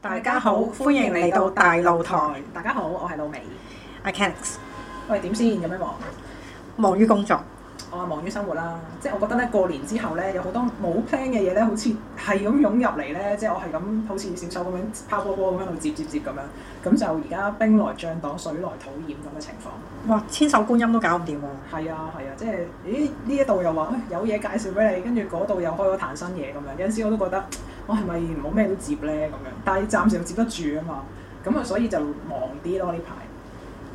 大家好，歡迎嚟到大露台。大家好，我係露美。阿 Ken。喂，點先？有咩忙？忙於工作。我啊、oh，忙於生活啦，即係我覺得咧過年之後咧有好多冇 plan 嘅嘢咧，好似係咁湧入嚟咧，即係我係咁好似小手咁樣拋波波咁樣喺度接接接咁樣，咁、嗯、就而家兵來將擋水來土掩咁嘅情況。哇！千手觀音都搞唔掂啊！係啊係啊，即係，咦？呢一度又話有嘢介紹俾你，跟住嗰度又開咗壇新嘢咁樣，有陣時我都覺得。我係咪冇咩都接咧咁樣？但係暫時又接得住啊嘛，咁啊所以就忙啲咯呢排。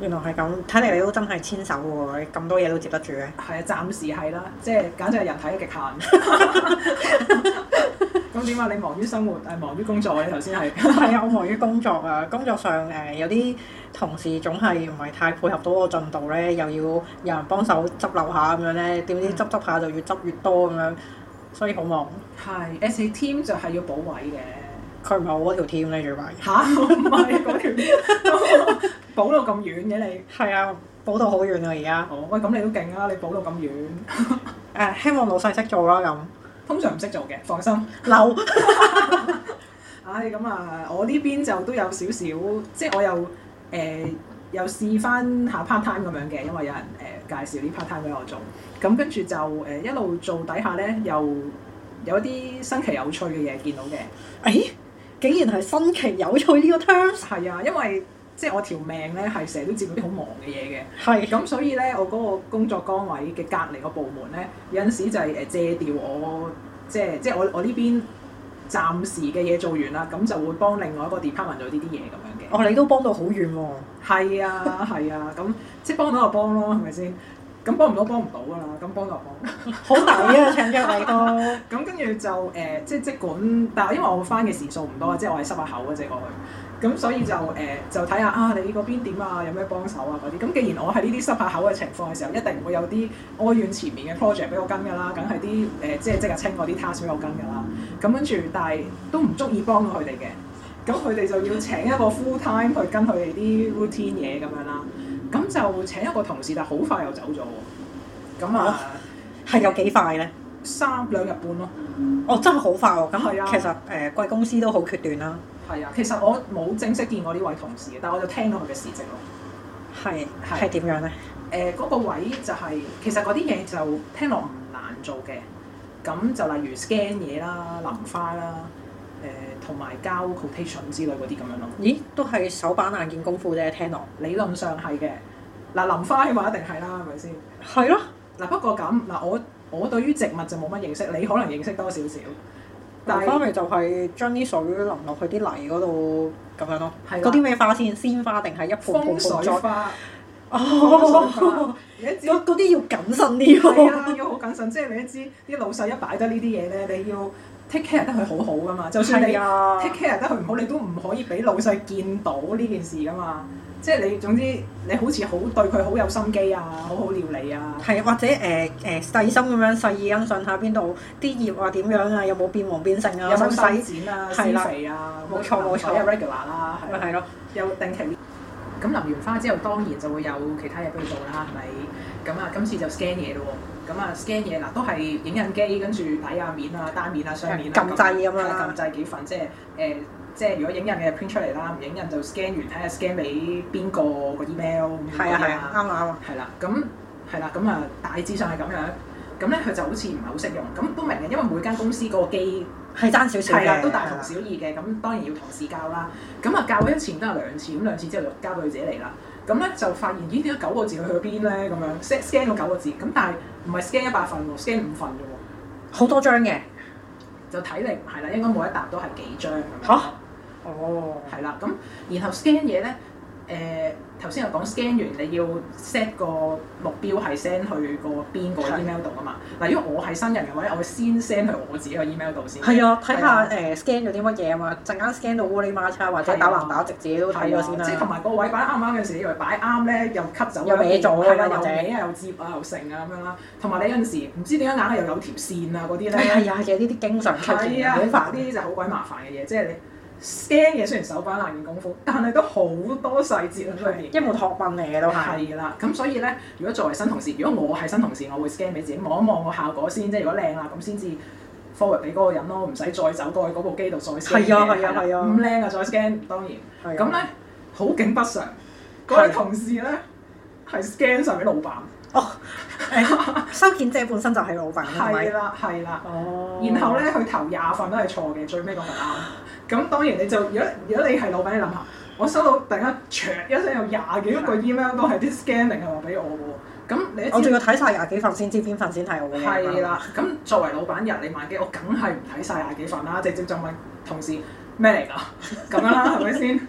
原來係咁，睇嚟你都真係牽手喎，咁多嘢都接得住咧。係啊、嗯，暫時係啦，即係簡直係人體嘅極限。咁點解你忙於生活誒，忙於工作？你頭先係？係啊，我忙於工作啊，工作上誒有啲同事總係唔係太配合到個進度咧，又要有人幫手執漏下咁樣咧，點知執執下就越執越多咁樣。所以好忙，係，As a team 就係要補位嘅。佢唔係我嗰條 team 咧，最弊。嚇、啊，唔係嗰條，補到咁遠嘅你。係啊，補到好遠啊而家。好。喂，咁你都勁啊，你補到咁遠。誒，uh, 希望老細識做啦咁。通常唔識做嘅，放心。嬲留。唉、 哎，咁啊，我呢邊就都有少少，即係我又誒。欸又試翻下 part time 咁樣嘅，因為有人誒、呃、介紹呢 part time 俾我做，咁跟住就誒、呃、一路做底下咧，又有一啲新奇有趣嘅嘢見到嘅。誒，竟然係新奇有趣呢個 terms？係啊，因為即係我條命咧，係成日都接到啲好忙嘅嘢嘅。係是。咁所以咧，我嗰個工作崗位嘅隔離個部門咧，有陣時就係誒借調我，即係即係我我呢邊暫時嘅嘢做完啦，咁就會幫另外一個 department 做呢啲嘢咁樣。哦，你都幫到好遠喎、哦！係 啊，係啊，咁即係幫到就幫咯，係咪先？咁幫唔到幫唔到噶啦，咁幫就幫， 好抵啊！搶腳位多。咁跟住就誒、呃，即係即管，但係因為我翻嘅時數唔多，即係我係濕下口嘅啫過去。咁所以就誒、呃，就睇下啊，你嗰邊點啊？有咩幫手啊？嗰啲咁。既然我係呢啲濕下口嘅情況嘅時候，一定會有啲哀怨前面嘅 project 俾我跟㗎啦，梗係啲誒，即係即日清嗰啲 task 俾我跟㗎啦。咁跟住，但係都唔足以幫到佢哋嘅。咁佢哋就要請一個 full time 去跟佢哋啲 routine 嘢咁樣啦。咁就請一個同事，但係好快又走咗喎。咁啊、嗯，係、嗯、有幾快咧？三兩日半咯。嗯、哦，真係好快喎！咁、嗯啊、其實誒、呃，貴公司都好決斷啦、啊。係啊，其實我冇正式見過呢位同事，但係我就聽過佢嘅事蹟咯。係係點樣咧？誒、嗯，嗰、那個位就係、是、其實嗰啲嘢就聽落唔難做嘅。咁就例如 scan 嘢啦、淋花啦、誒、嗯。同埋交 quotation 之類嗰啲咁樣咯。咦，都係手板眼見功夫啫，聽落理論上係嘅。嗱，淋花嘅話一定係啦，係咪先？係咯。嗱，不過咁嗱，我我對於植物就冇乜認識，你可能認識多少少。但淋花咪就係將啲水淋落去啲泥嗰度咁樣咯。係。嗰啲咩花先？鮮花定係一盆盆水花？哦。有嗰啲要謹慎啲。係啊，要好謹慎。即係你一知啲老細一擺得呢啲嘢咧，你要 takecare 得佢好好噶嘛，就算你啊 takecare 得佢唔好，你都唔可以俾老細見到呢件事噶嘛。即係你，總之你好似好對佢好有心機啊，好好料理啊。係，或者誒誒細心咁樣細心審下邊度啲葉啊點樣啊，有冇變黃變性啊，有冇修剪啊，施肥啊，冇錯冇錯，有 regular 啦，咪係咯，有定期。咁淋完花之後，當然就會有其他嘢俾你做啦，係咪？咁啊，今次就 scan 嘢咯。咁啊，scan 嘢嗱，都係影印機，跟住睇下面啊單面啊雙面啊，撳制咁樣，撳制幾份即係誒，即係如果影印嘅 print 出嚟啦，唔影印就 scan 完睇下 scan 俾邊個個 email 咁樣啊，啱啊，啱啊，係啦的，咁係啦，咁啊大致上係咁樣，咁咧佢就好似唔係好識用，咁都明嘅，因為每間公司個機係爭少少嘅，點點的都大同小異嘅，咁的當然要同事教啦，咁啊教一次都係，兩次，咁兩次之後就交到佢自己嚟啦。咁咧就發現，咦，點解九個字去咗邊咧？咁樣 scan scan 咗九個字，咁但係唔係 scan 一百份喎，scan 五份啫喎，好多張嘅，就體力唔係啦，應該每一沓都係幾張咁。嚇、啊，樣哦，係啦，咁然後 scan 嘢咧。誒頭先又講 scan 完你要 set 個目標係 send 去個邊個 email 度啊嘛，嗱的如果我係新人嘅話咧，我會先 send 去我自己個 email 度先。係啊，睇下誒 scan 咗啲乜嘢啊嘛，陣間 scan 到烏哩麻差或者打橫打直，自己都睇咗先啦。即係同埋嗰位擺啱啱嘅時你以為，又擺啱咧又吸走，又歪咗啊，又歪又接啊，又剩啊咁樣啦。同埋你有陣時唔知點解硬係又有條線啊嗰啲咧。係啊，有呢啲經常出啊。好煩呢啲就好鬼麻煩嘅嘢，即係你。scan 嘅雖然手板爛嘅功夫，但係都好多細節咯的的，都係因為冇託品嚟嘅都係。係啦，咁所以咧，如果作為新同事，如果我係新同事，我會 scan 俾自己望一望個效果先啫。即如果靚啦，咁先至 forward 俾嗰個人咯，唔使再走過去嗰部機度再 scan 係啊，係啊，係啊，唔靚啊再 scan，當然。咁咧好景不常，嗰位同事咧係 scan 上俾老闆。哦。收件者本身就係老闆，係啦係啦，哦、然後咧佢頭廿份都係錯嘅，最尾嗰份啱。咁 當然你就如果如果你係老闆，你諗下，我收到突然間啪一聲有廿幾個 email 都係啲 scanning 係話俾我喎。咁你，我仲要睇晒廿幾份先知邊份先睇我嘅。係啦， 咁作為老闆日理萬機，我梗係唔睇晒廿幾份啦，直接就問同事咩嚟㗎咁樣啦，係咪先？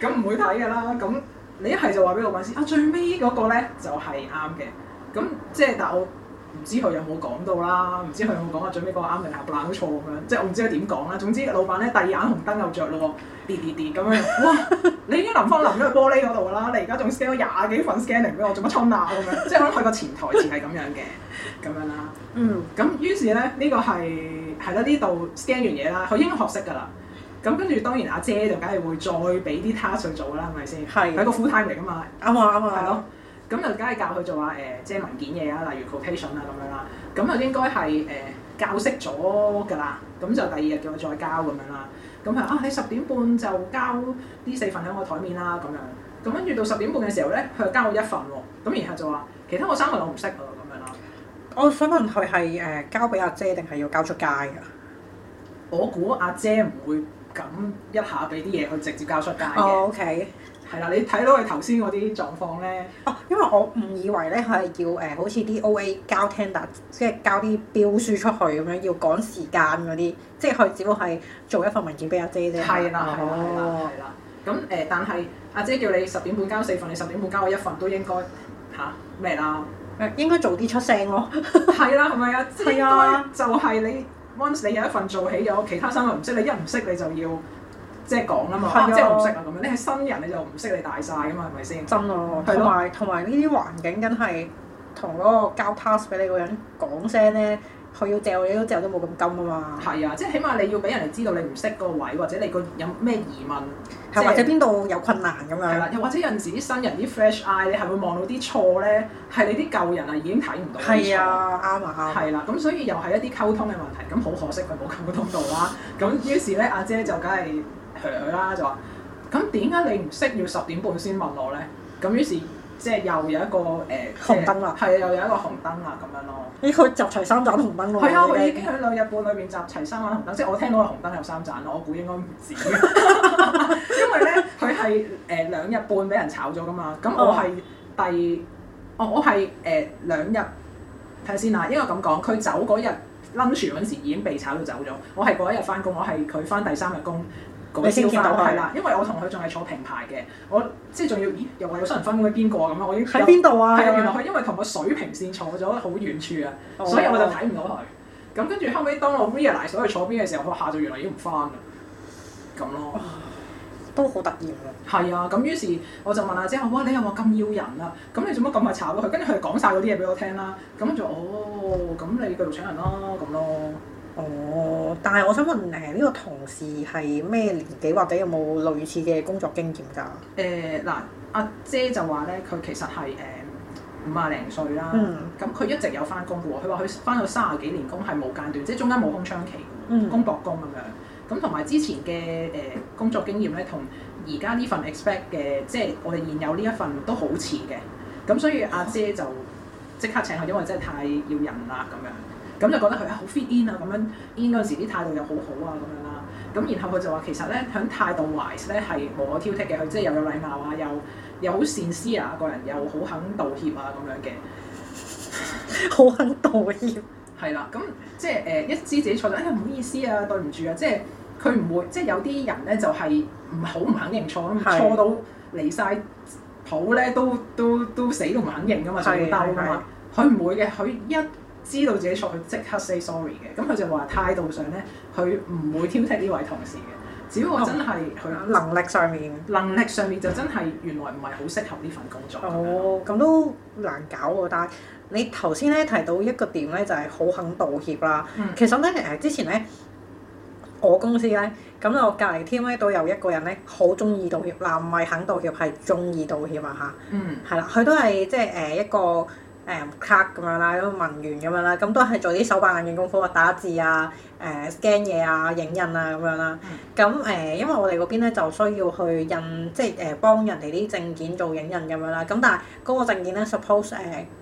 咁唔 會睇㗎啦。咁你一係就話俾老闆先，啊最尾嗰個咧就係啱嘅。咁即係，但係我唔知佢有冇講到啦，唔知佢有冇講啊，最尾講啱定合唔合錯咁樣，即係我唔知佢點講啦。總之老闆咧第二眼紅燈又著咯，跌跌跌咁樣，哇！你已經淋翻淋咗去玻璃嗰度啦，你而家仲 sell 廿幾份 scaning n 俾我，做乜春啊咁樣？即係可能佢個前台前係咁樣嘅，咁樣啦。嗯。咁於是咧，呢、這個係係啦，呢度 scan 完嘢啦，佢已經學識噶啦。咁跟住當然阿姐就梗係會再俾啲 task 做啦，係咪先？係。係一個 full time 嚟噶嘛。啱啊啱啊。係咯。咁就梗係教佢做下誒，即、呃、文件嘢啊，例如 quotation 啊咁樣啦。咁就應該係誒、呃、教識咗㗎啦。咁就第二日叫佢再交咁樣啦。咁佢話啊，你十點半就交呢四份喺我台面啦咁樣。咁跟住到十點半嘅時候咧，佢交我一份喎。咁然後就話其他個三份我唔識啊咁樣啦。樣樣樣樣，我想問佢係誒交俾阿姐定係要交出街㗎？我估阿姐唔會咁一下俾啲嘢佢直接交出街嘅。O K。係啦，你睇到佢頭先嗰啲狀況咧？哦、啊，因為我誤以為咧係叫誒，好似啲 O A 交 tender，即係交啲標書出去咁樣，要趕時間嗰啲，即係佢只不過係做一份文件俾阿姐啫。係啦，係、啊、啦，係啦。咁誒、嗯呃，但係阿姐叫你十點半交四份，你十點半交我一份都應該吓，咩、啊、啦？誒，應該早啲出聲咯。 係啦，係咪啊？係啊， 就係你 once 你有一份做起咗，其他三份唔識，你一唔識你就要。即係講啊嘛，阿姐唔識啊咁、啊、樣你。你係新人你就唔識，你大晒啊嘛，係咪先？真咯、啊。同埋同埋呢啲環境梗係同嗰個交 task 俾你個人講聲咧，佢要掉你都掉得冇咁金啊嘛。係啊，即係起碼你要俾人哋知道你唔識嗰個位，或者你個有咩疑問，即係或者邊度有困難咁樣。啦、啊，又或者有陣時啲新人啲 fresh eye，你係會望到啲錯咧，係你啲舊人啊已經睇唔到啲錯。係啊，啱啊。係啦、啊，咁、啊、所以又係一啲溝通嘅問題。咁好可惜佢冇溝通到啦、啊。咁於是咧，阿姐就梗係。佢啦就話咁點解你唔識要十點半先問我咧？咁於是即係又有一個誒、呃、紅燈啦，係啊，又有一個紅燈啦，咁樣咯。咦、欸？佢集齊三盞紅燈咯？係啊，佢的已經兩日半裏面集齊三盞紅燈，呃、即係我聽到個紅燈有三盞咯。我估應該唔止， 因為咧佢係誒兩日半俾人炒咗㗎嘛。咁我係第、嗯、哦，我係誒、呃、兩日睇先啊。應該咁講，佢走嗰日 Lunch 嗰時已經被炒到走咗。我係嗰一日翻工，我係佢翻第三日工。你見到佢係啦，因為我同佢仲係坐平排嘅，我即係仲要，咦又話有新人分工俾邊個咁啦，我已經喺邊度啊？係啊，原來佢因為同個水平線坐咗好遠處啊，oh, 所以我就睇唔到佢。咁跟住後尾當我 realize 想去坐邊嘅時候，佢下晝原來已經唔翻啦，咁咯，都好突然㗎。係啊，咁於是我就問阿姐，姐：我話你有冇咁要人啊？咁你做乜咁快炒到佢？跟住佢講晒嗰啲嘢俾我聽啦。咁就哦，咁你繼續請人啦、啊，咁咯。哦，但係我想問你呢，這個同事係咩年紀或者有冇類似嘅工作經驗㗎？誒嗱、呃、阿、呃、姐,姐就話咧，佢其實係誒、呃、五啊零歲啦，咁佢、嗯、一直有翻工嘅喎。佢話佢返咗三十幾年工係冇間斷，即係中間冇空窗期，嗯、工博工咁樣。咁同埋之前嘅誒、呃、工作經驗咧，同而家呢份 expect 嘅，即係我哋現有呢一份都好似嘅。咁所以阿、啊、姐,姐就即刻請，係因為真係太要人啦咁樣。咁就覺得佢好 fit in 啊，咁樣 in 嗰陣時啲態度又好好啊，咁樣啦。咁然後佢就話其實咧，響態度 wise 咧係無可挑剔嘅，佢即係又有禮貌啊，又又好善思啊，個人又好肯道歉啊，咁樣嘅。好肯道歉。係啦，咁即係誒一知自己錯咗，哎呀唔好意思啊，對唔住啊，即係佢唔會，即係有啲人咧就係唔好唔肯認錯，錯到離晒譜咧都都都死都唔肯認噶嘛，所以兜啊嘛。佢唔會嘅，佢一。知道自己錯，佢即刻 say sorry 嘅，咁佢就話態度上咧，佢唔會挑剔呢位同事嘅。只要我真係、哦、能力上面，能力上面就真係原來唔係好適合呢份工作。哦，咁都難搞喎。但係你頭先咧提到一個點咧，就係好肯道歉啦。嗯、其實我覺得之前咧我公司咧，咁我隔離 team 咧都有一個人咧，好中意道歉嗱，呃、唔係肯道歉，係中意道歉啊吓，嗯，係啦，佢都係即係誒一個。誒 c 咁樣啦，咁、嗯、文員咁樣啦，咁都係做啲手板眼見功夫啊，打字啊，誒 scan 嘢啊，影印啊咁樣啦。咁誒、嗯嗯，因為我哋嗰邊咧就需要去印，即係誒幫人哋啲證件做影印咁樣啦。咁但係嗰個證件咧，suppose 誒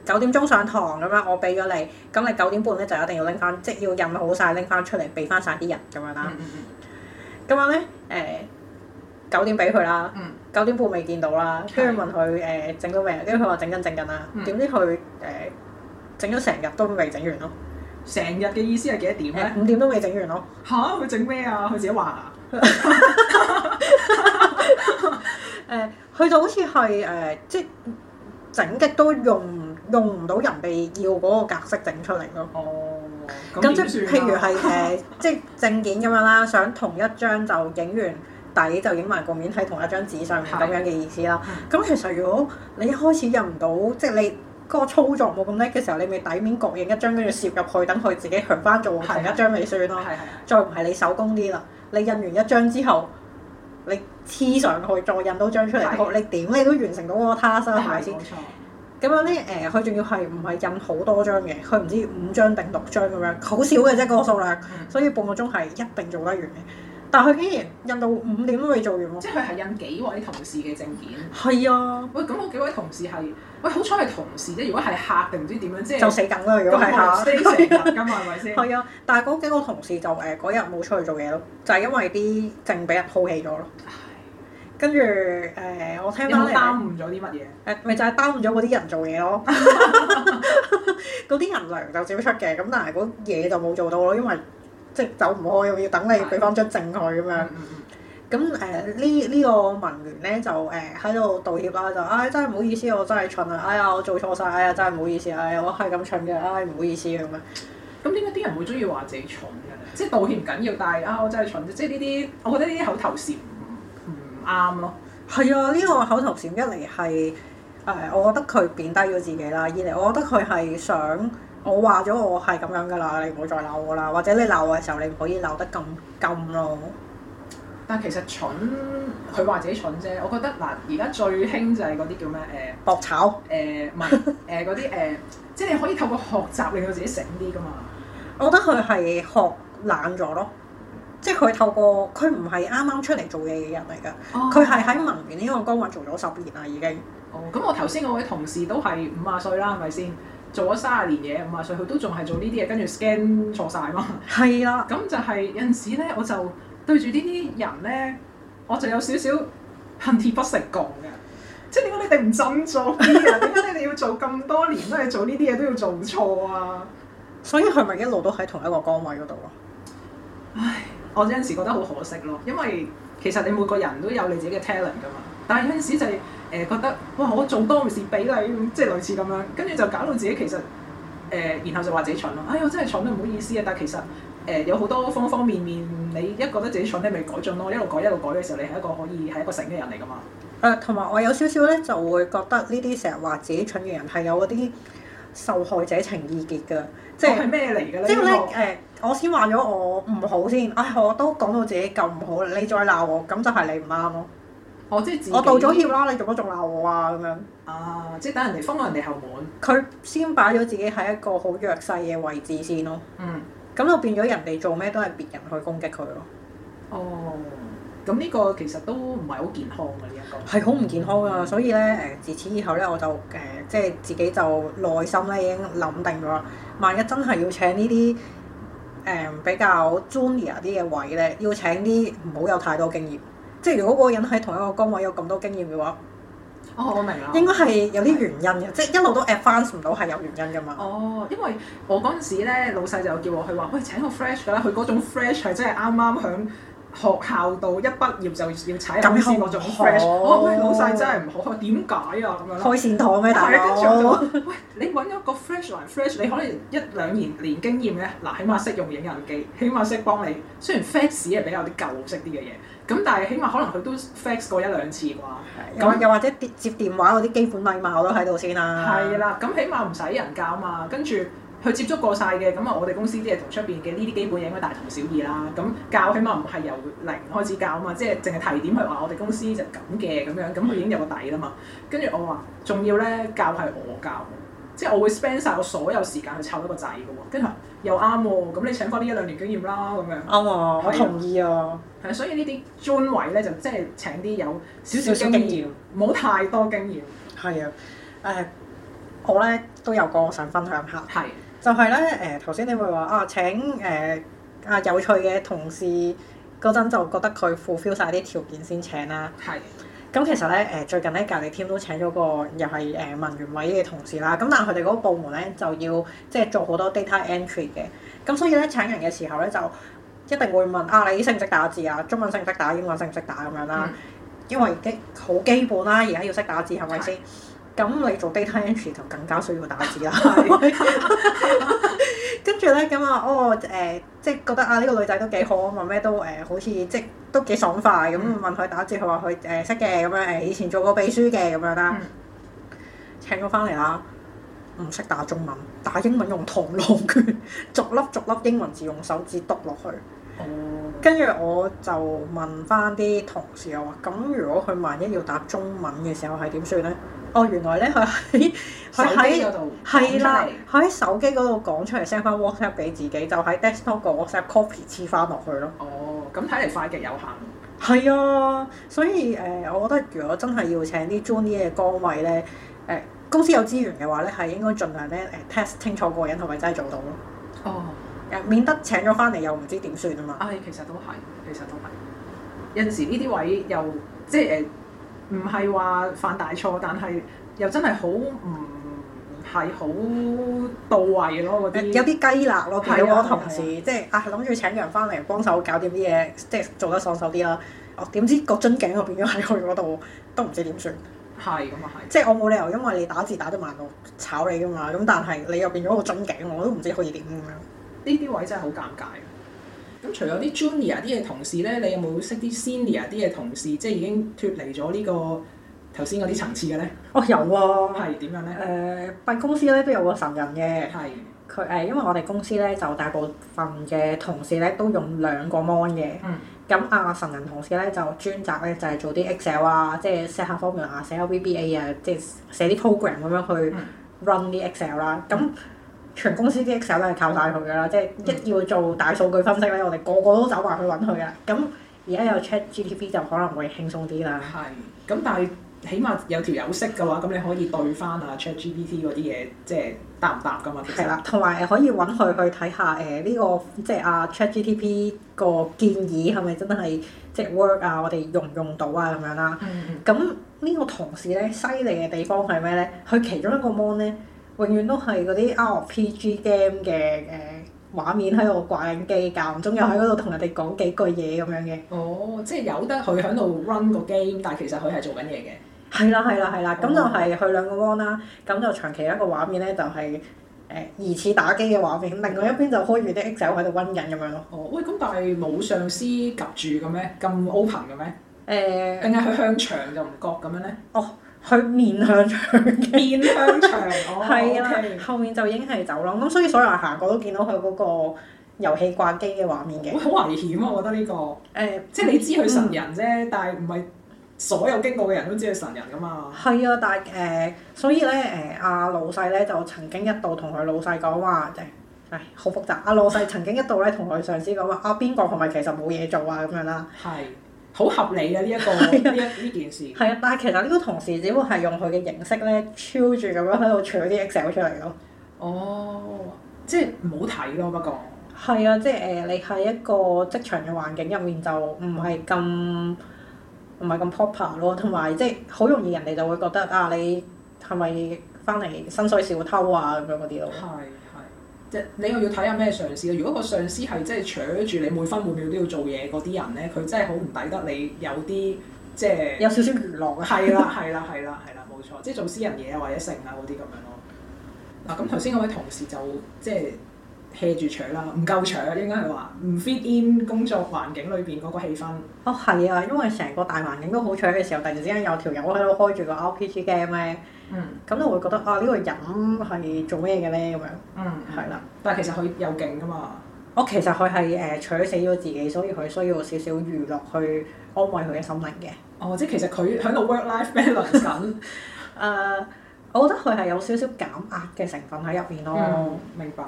九點鐘上堂咁樣，我俾咗你，咁你九點半咧就一定要拎翻，即、就、係、是、要印好晒，拎翻出嚟俾翻晒啲人咁樣啦。咁、嗯嗯嗯、樣咧誒。呃九點俾佢啦，九、嗯、點半未見到啦，跟住問佢誒整咗未、啊？跟住佢話整緊整緊啦，點知佢誒整咗成日都未整完咯。成日嘅意思係幾多點咧？五、呃、點都未整完咯。吓？佢整咩啊？佢、啊、自己話啊。誒，佢就好似係誒，即係整極都用用唔到人哋要嗰個格式整出嚟咯。哦，咁即係譬如係誒，即係證件咁樣啦，想 同一張就影完，底就影埋個面喺同一張紙上面咁樣嘅意思啦。咁是其實如果你一開始印唔到，即係你嗰個操作冇咁叻嘅時候，你咪底面各印一張，跟住攝入去，等佢自己強翻做同一張咪算咯。再唔係你手工啲啦。你印完一張之後，你黐上去再印多張出嚟，是你點你都完成到嗰個 task 啦、啊，係咪先？冇錯。咁樣咧，誒、呃，佢仲要係唔係印好多張嘅？佢唔知五張定六張咁樣，好少嘅啫、啊嗰個數量、嗯。所以半個鐘係一定做得完嘅。但佢竟然印到五點都未做完咯！即係佢係印幾位同事嘅證件。係啊！喂，咁嗰幾位同事係喂好彩係同事啫，如果係嚇定唔知點樣，即係就死梗啦！如果係嚇死梗咁係咪先？係 啊，啊！但係嗰幾個同事就誒嗰日冇出去做嘢咯，就係、是、因為啲證俾人拋棄咗咯。跟住誒，我聽翻你耽誤咗啲乜嘢？誒，咪就係耽誤咗嗰啲人做嘢咯。嗰啲 人糧就照出嘅，咁但係嗰嘢就冇做到咯，因為。即係走唔開，要等你俾翻張證佢咁樣。咁誒呢呢個文員咧就誒喺度道歉啦，就唉、哎、真係唔好意思，我真係蠢啊！哎呀，我做錯晒，哎呀真係唔好意思，哎呀我係咁蠢嘅，唉、哎，唔好意思咁樣。咁點解啲人會中意話自己蠢嘅？即係道歉緊要，但係啊我真係蠢，即係呢啲我覺得呢啲口頭禪唔啱咯。係啊，呢個口頭禪一嚟係誒，我覺得佢貶低咗自己啦；二嚟、啊這個呃、我覺得佢係想。我話咗我係咁樣噶啦，你唔好再鬧我啦。或者你鬧我嘅時候，你唔可以鬧得咁金咯。但其實蠢，佢話自己蠢啫。我覺得嗱，而家最興就係嗰啲叫咩？誒搏炒？誒唔係誒嗰啲誒，即係你可以透過學習令到自己醒啲噶嘛？我覺得佢係學懶咗咯，即係佢透過佢唔係啱啱出嚟做嘢嘅人嚟噶，佢係喺文員呢個崗位做咗十年啦已經。哦，咁我頭先嗰位同事都係五啊歲啦，係咪先？做咗三十年嘢五十歲，所以佢都仲係做呢啲嘢，跟住 scan 錯晒咯。係啦，咁就係有陣時咧，我就對住呢啲人咧，我就有少少恨鐵不成鋼嘅。即係點解你哋唔振作啲啊？點解你哋要做咁多年都係做呢啲嘢都要做錯啊？所以佢咪一路都喺同一個崗位嗰度啊？唉，我有陣時覺得好可惜咯，因為其實你每個人都有你自己嘅 talent 噶嘛。但係有陣時就係誒覺得哇我做多嘅事比例即係類似咁樣，跟住就搞到自己其實誒、呃，然後就話自己蠢咯。哎呀，真係蠢得唔好意思啊！但係其實誒、呃、有好多方方面面，你一覺得自己蠢你咪改進咯。一路改一路改嘅時候，你係一個可以係一個醒嘅人嚟噶嘛？誒、呃，同埋我有少少咧就會覺得呢啲成日話自己蠢嘅人係有嗰啲受害者情意結嘅，哦、即係咩嚟嘅咧？即係咧誒，我先話咗我唔好先，哎我都講到自己咁唔好你再鬧我，咁就係你唔啱咯。哦、即我道咗歉啦，你做乜仲鬧我啊？咁樣啊，即係等人哋封人哋後門。佢先擺咗自己喺一個好弱勢嘅位置先咯。嗯。咁就變咗人哋做咩都係別人去攻擊佢咯。哦。咁呢個其實都唔係好健康嘅呢一個。係好唔健康㗎！所以咧誒、呃，自此以後咧，我就誒、呃、即係自己就內心咧已經諗定咗啦。萬一真係要請呢啲誒比較 junior 啲嘅位咧，要請啲唔好有太多經驗。即係如果嗰個人喺同一個崗位有咁多經驗嘅話，哦，我明啊，應該係有啲原因嘅，即係一路都 advance 唔到係有原因㗎嘛。哦，因為我嗰陣時咧，老細就叫我去話，喂，請個 fresh 㗎啦，佢嗰種 fresh 係真係啱啱響學校度一畢業就要踩考試嗰種 fresh。哦。我，喂老細真係唔好，點解啊？咁樣。開善堂咩？大佬，係啊，跟住喂，你揾咗個 fresh 嚟，fresh 你可能一兩年年經驗咧，嗱，起碼識用影印機，起碼識幫你，雖然 fax 係比較啲舊式啲嘅嘢。咁但係起碼可能佢都 fax 過一兩次啩，咁又的、嗯、或者接電話嗰啲 基本禮貌都喺度先啦。係啦，咁起碼唔使人教啊嘛。跟住佢接觸過晒嘅，咁啊我哋公司啲嘢同出邊嘅呢啲基本應該大同小異啦。咁教起碼唔係由零開始教啊嘛，即係淨係提點佢話我哋公司就咁嘅咁樣，咁佢、嗯、已經有個底啦嘛。跟住我話仲要咧教係我教。即係我會 spend 晒我所有時間去湊一個仔嘅喎，跟住又啱喎、哦，咁你請翻呢一兩年經驗啦，咁樣啱啊、哦，我同意啊、哦，係，所以呢啲專位咧就即係請啲有少少經驗，唔好太多經驗。係啊，誒、呃，我咧都有個想分享下，係的，就係咧誒，頭、呃、先你會話啊請誒啊、呃、有趣嘅同事嗰陣就覺得佢 fulfill 晒啲條件先請啦，係。咁其實咧，誒、呃、最近咧，隔離 team 都請咗個又係誒、呃、文員位嘅同事啦。咁但係佢哋嗰個部門咧就要即係做好多 data entry 嘅。咁所以咧請人嘅時候咧就一定會問啊，你識唔識打字啊？中文識唔識打？英文識唔識打咁樣啦、啊？嗯、因為好基本啦，而家要識打字係咪先？咁是你做 data entry 就更加需要打字啦。跟住咧咁啊，哦誒、呃，即係覺得啊呢個女仔都幾好啊，問咩都誒、呃、好似即都幾爽快咁、嗯、問佢打字，佢話佢誒識嘅咁樣誒，以前做過秘書嘅咁樣啦，嗯、請我翻嚟啦。唔識打中文，打英文用螳螂拳，逐粒逐粒英文字用手指篤落去。跟住、哦、我就問翻啲同事，又話：咁如果佢萬一要打中文嘅時候係點算呢？哦，原來咧佢喺佢喺，嗰度係啦，喺手機嗰度講出嚟，send 翻 WhatsApp 俾自己，就喺 Desktop 個 WhatsApp copy 黐翻落去咯。哦。哦。咁睇嚟快極有限。係啊，所以誒、呃，我覺得如果真係要請啲 junior 嘅崗位咧，誒、呃、公司有資源嘅話咧，係應該盡量咧誒 test 清楚個人係咪真係做到咯。哦，免得請咗翻嚟又唔知點算啊嘛。唉、哎，其實都係，其實都係。有陣時呢啲位又即係誒，唔係話犯大錯，但係又真係好唔～係好到位咯，嗰啲有啲雞肋咯，睇我，我同事、啊、即係啊諗住請人翻嚟幫手搞掂啲嘢，即係做得爽手啲啦。哦，點知個樽頸又變咗喺佢嗰度，都唔知點算。係咁啊，係、啊、即係我冇理由因為你打字打得慢我炒你噶嘛。咁但係你又變咗個樽頸，我都唔知可以點咁樣。呢啲位真係好尷尬。咁除咗啲 Junior 啲嘅同事咧，你有冇識啲 Senior 啲嘅同事？即係已經脱離咗呢、呢個。頭先嗰啲層次嘅咧，哦，有喎，係點樣咧？誒，辦公司咧都有個神人嘅，係佢誒，因為我哋公司咧就大部分嘅同事咧都用兩個 mon 嘅，嗯，咁啊神人同事咧就專責咧就係做啲 Excel 啊，即係 set 啲 formula 啊，寫啲 VBA 啊，即係寫啲 program 咁樣去 run 啲 Excel 啦。咁全公司啲 Excel 都係靠曬佢㗎啦，即係一要做大數據分析咧，我哋個個都走埋去揾佢啦。咁而家有 ChatGPT 就可能會輕鬆啲啦。係，咁但係。起碼有條友識嘅話，咁你可以對翻啊 ChatGPT 嗰啲嘢，即係答唔答㗎嘛？係啦，同埋可以揾佢去睇下誒呢、呃呢個，即係啊 ChatGPT 個建議係咪真係即係 work 啊？我哋用唔用到啊咁樣啦。咁呢、嗯嗯、個同事咧犀利嘅地方係咩咧？佢其中一個 mon 咧，永遠都係嗰啲 RPG game 嘅誒、呃、畫面喺度掛緊機，間唔中又喺嗰度同人哋講幾句嘢咁樣嘅、嗯。哦，即係有得佢喺度 run 個 game，但係其實佢係做緊嘢嘅。係啦係啦係啦，咁就係去兩個安啦，咁就長期一個畫面咧，就係誒疑似打機嘅畫面，另外一邊就開住啲 X 喺度溫人咁樣咯。哦，喂，咁但係冇上司夾住嘅咩？咁 open 嘅咩？誒、呃，定係佢向牆就唔覺咁樣咧？哦，佢面向牆嘅。 面向牆，係、哦、啦，的 okay. 後面就已經係走廊咁，所以所有人行過都見到佢嗰個遊戲掛機嘅畫面嘅。好、哦、危險啊！我覺得呢、這個。誒、呃，即係你知佢神人啫，嗯、但係唔係。所有經過嘅人都知係神人㗎嘛？係啊，但誒、呃，所以咧誒，阿、呃、老細咧就曾經一度同佢老細講話，誒、哎，好複雜。阿老細曾經一度咧同佢上司講話，阿邊、 啊、個係咪其實冇嘢做啊，咁樣啦。係，好合理啊！呢一個呢、啊、一呢件事。係啊，但係其實呢個同事只不過係用佢嘅形式咧，抄住咁樣喺度搶啲 Excel 出嚟咯。哦，即係唔好睇咯，不過。係啊，即係誒、呃，你喺一個職場嘅環境入面就唔係咁。唔係咁 proper 咯，同埋即係好容易人哋就會覺得啊，你係咪翻嚟薪水小偷啊咁樣嗰啲咯。係係，即係你又要睇下咩上司啊。如果個上司係即係扯住你每分每秒都要做嘢嗰啲人咧，佢真係好唔抵得你有啲即係有少少娛樂。係啦、係啦、係啦、係啦，冇錯，即係做私人嘢或者剩啊嗰啲咁樣咯。嗱，咁頭先嗰位同事就即係。hea 住搶啦，唔夠搶，應該係話唔 fit in 工作環境裏邊嗰個氣氛。哦，係啊，因為成個大環境都好搶嘅時候，突然之間有條友喺度開住個 RPG game 咧，咁你、嗯、會覺得啊，呢、呢個人係做咩嘅咧咁樣？嗯，係啦、啊。但係其實佢又勁㗎嘛。哦，其實佢係誒搶死咗自己，所以佢需要少少娛樂去安慰佢嘅心靈嘅。哦，即係其實佢喺度 work-life balance 緊。誒，我覺得佢係有少，少少減壓嘅成分喺入邊咯。明白。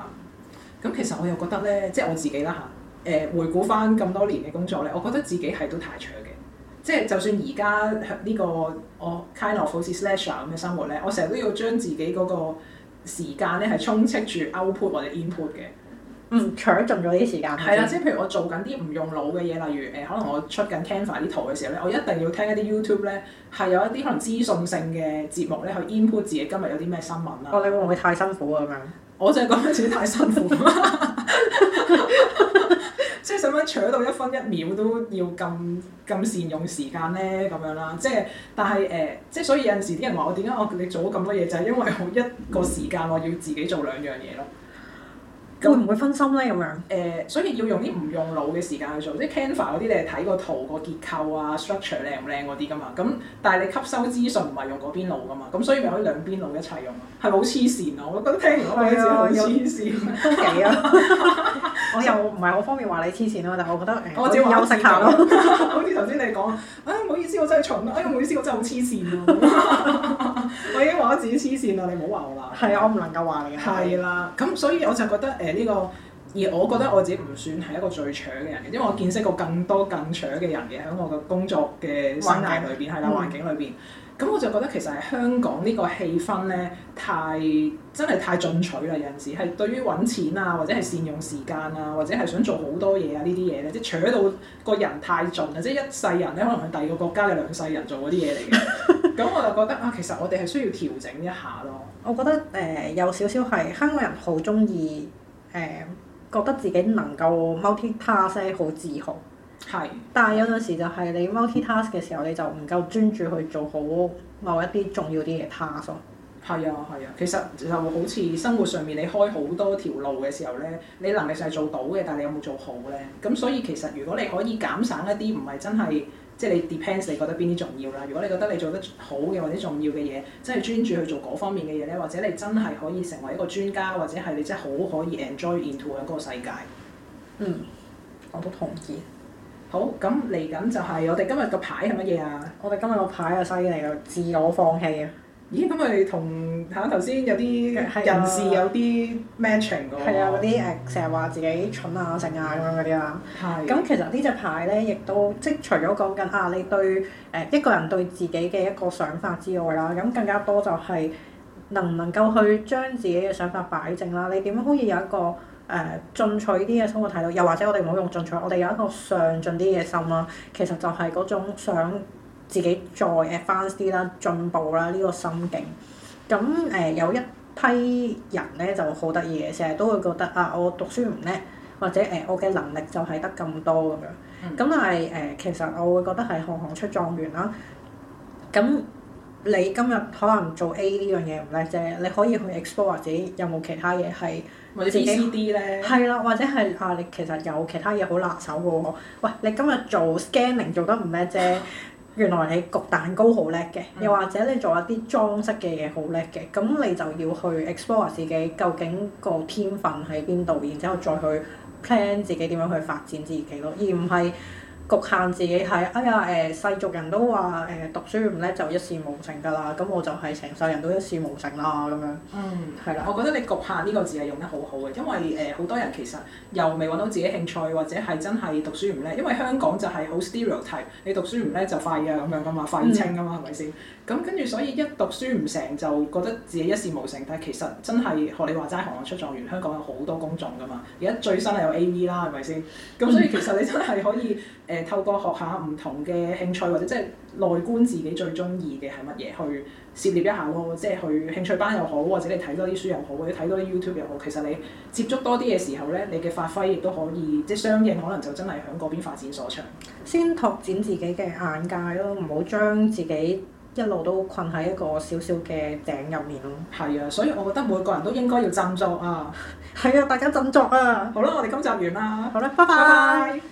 咁其實我又覺得咧，即係我自己啦嚇，誒、呃、回顧翻咁多年嘅工作咧，我覺得自己係都太搶嘅。即係就算而家呢個我 kind of 好似 slasher 咁嘅生活咧，我成日都要將自己嗰個時間咧係充斥住 output 或者 input 嘅，嗯，搶盡咗啲時間。係啦的，嗯、即係譬如我做緊啲唔用腦嘅嘢，例如誒、呃、可能我出緊 Canva 啲圖嘅時候咧，我一定要聽一啲 YouTube 咧係有一啲可能資訊性嘅節目咧去 input 自己今日有啲咩新聞啦、啊。哦，你會唔會太辛苦啊？咁樣。我就係覺得自己太辛苦， 即係使乜搶到一分一秒都要咁咁善用時間咧，咁樣啦，即係但係誒，即係所以有陣時啲人話我點解我你做咗咁多嘢？就係、是呃就是就是、因為我一個時間我要自己做兩樣嘢咯。那會唔會分心咧？咁樣誒，所以要用啲唔用腦嘅時間去做，即係 Canva 嗰啲，你係睇個圖個結構啊，structure 靚唔靚嗰啲㗎嘛。咁但係你吸收資訊唔係用嗰邊腦㗎嘛。咁、嗯、所以咪可以兩邊腦一齊用咯。係咪好黐線啊？我都得聽完我嗰陣時好黐線。都幾啊？我又唔係好方便話你黐線咯，但係我覺得我可以休息下咯。好似頭先你講，啊、哎、唔好意思，我真係蠢啊！啊、哎、唔好意思，我真係好黐線啊！ 我已經話我自己黐線啦，你唔好話我啦。係啊， 我唔能夠話你嘅。係啦，咁所以我就覺得誒。呃 呢個，而我覺得我自己唔算係一個最搶嘅人，因為我見識過更多更搶嘅人嘅，喺我嘅工作嘅生態裏邊，係啦，環境裏邊。咁、嗯、我就覺得其實係香港呢個氣氛咧，太真係太進取啦！有陣時係對於揾錢啊，或者係善用時間啊，或者係想做好多嘢啊呢啲嘢咧，即係搶到個人太盡啦！即係一世人咧，可能係第二個國家嘅兩世人做嗰啲嘢嚟嘅。咁 我就覺得啊，其實我哋係需要調整一下咯。我覺得誒、呃、有少少係香港人好中意。誒覺得自己能夠 multitask 好自豪，係。但係有陣時就係你 multitask 嘅時候，你就唔夠專注去做好某一啲重要啲嘅 task 咯。係啊，係啊，其實就好似生活上面你開好多條路嘅時候咧，你能力上係做到嘅，但係你有冇做好咧？咁所以其實如果你可以減省一啲唔係真係。即係你 depends，你覺得邊啲重要啦？如果你覺得你做得好嘅或者重要嘅嘢，即係專注去做嗰方面嘅嘢咧，或者你真係可以成為一個專家，或者係你真係好可以 enjoy into 喺嗰個世界。嗯，我都同意。好，咁嚟緊就係我哋今日個牌係乜嘢啊？我哋今日個牌係犀利啊，自我放棄啊！咦，咁咪同吓頭先有啲人士有啲 matching 㗎係啊，嗰啲誒成日話自己蠢，啊成啊咁樣嗰啲啦。係對。咁其實呢隻牌咧，亦都即除咗講緊啊，你對誒、呃、一個人對自己嘅一個想法之外啦，咁更加多就係能唔能夠去將自己嘅想法擺正啦？你點樣可以有一個誒、呃、進取啲嘅生活態度？又或者我哋唔好用進取，我哋有一個上進啲嘅心啦。其實就係嗰種想。自己再 advance 啲啦，進步啦呢、呢個心境。咁誒、呃、有一批人咧就好得意嘅，成日都會覺得啊，我讀書唔叻，或者誒、呃、我嘅能力就係得咁多咁樣。咁但係誒，其實我會覺得係行行出狀元啦。咁你今日可能做 A 呢樣嘢唔叻啫，你可以去 explore 自己有冇其他嘢係或者 C D 咧。係啦，或者係啊，你其實有其他嘢好拿手嘅喎。喂，你今日做 scanning 做得唔叻啫。 原來你焗蛋糕好叻嘅，又或者你做一啲裝飾嘅嘢好叻嘅，咁你就要去 explore 自己究竟個天分喺邊度，然之後再去 plan 自己點樣去發展自己囉，而唔係局限自己係哎呀誒、呃，世俗人都話誒、呃、讀書唔叻就一事無成㗎啦，咁我就係成世人都一事無成啦咁樣。嗯。係啦的，我覺得你局限呢個字係用得好好嘅，因為誒好、呃、多人其實又未揾到自己興趣，或者係真係讀書唔叻，因為香港就係好 stereotype，你讀書唔叻就廢啊咁樣㗎嘛，廢青㗎嘛係咪先？咁、嗯、跟住所以一讀書唔成就覺得自己一事無成，但係其實真係學你話齋，行行出狀元，香港有好多工種㗎嘛。而家最新係有 AV 啦、e，係咪先？咁所以其實你真係可以誒。呃 透過學下唔同嘅興趣，或者即係內觀自己最中意嘅係乜嘢，去涉獵一下咯。即係去興趣班又好，或者你睇多啲書又好，或者睇多啲 YouTube 又好。其實你接觸多啲嘅時候咧，你嘅發揮亦都可以，即係相應可能就真係喺嗰邊發展所長。先拓展自己嘅眼界咯，唔好將自己一路都困喺一個小小嘅頂入面咯。係啊，所以我覺得每個人都應該要振作啊！係 啊，大家振作啊！好啦，我哋今集完啦。好啦，拜拜。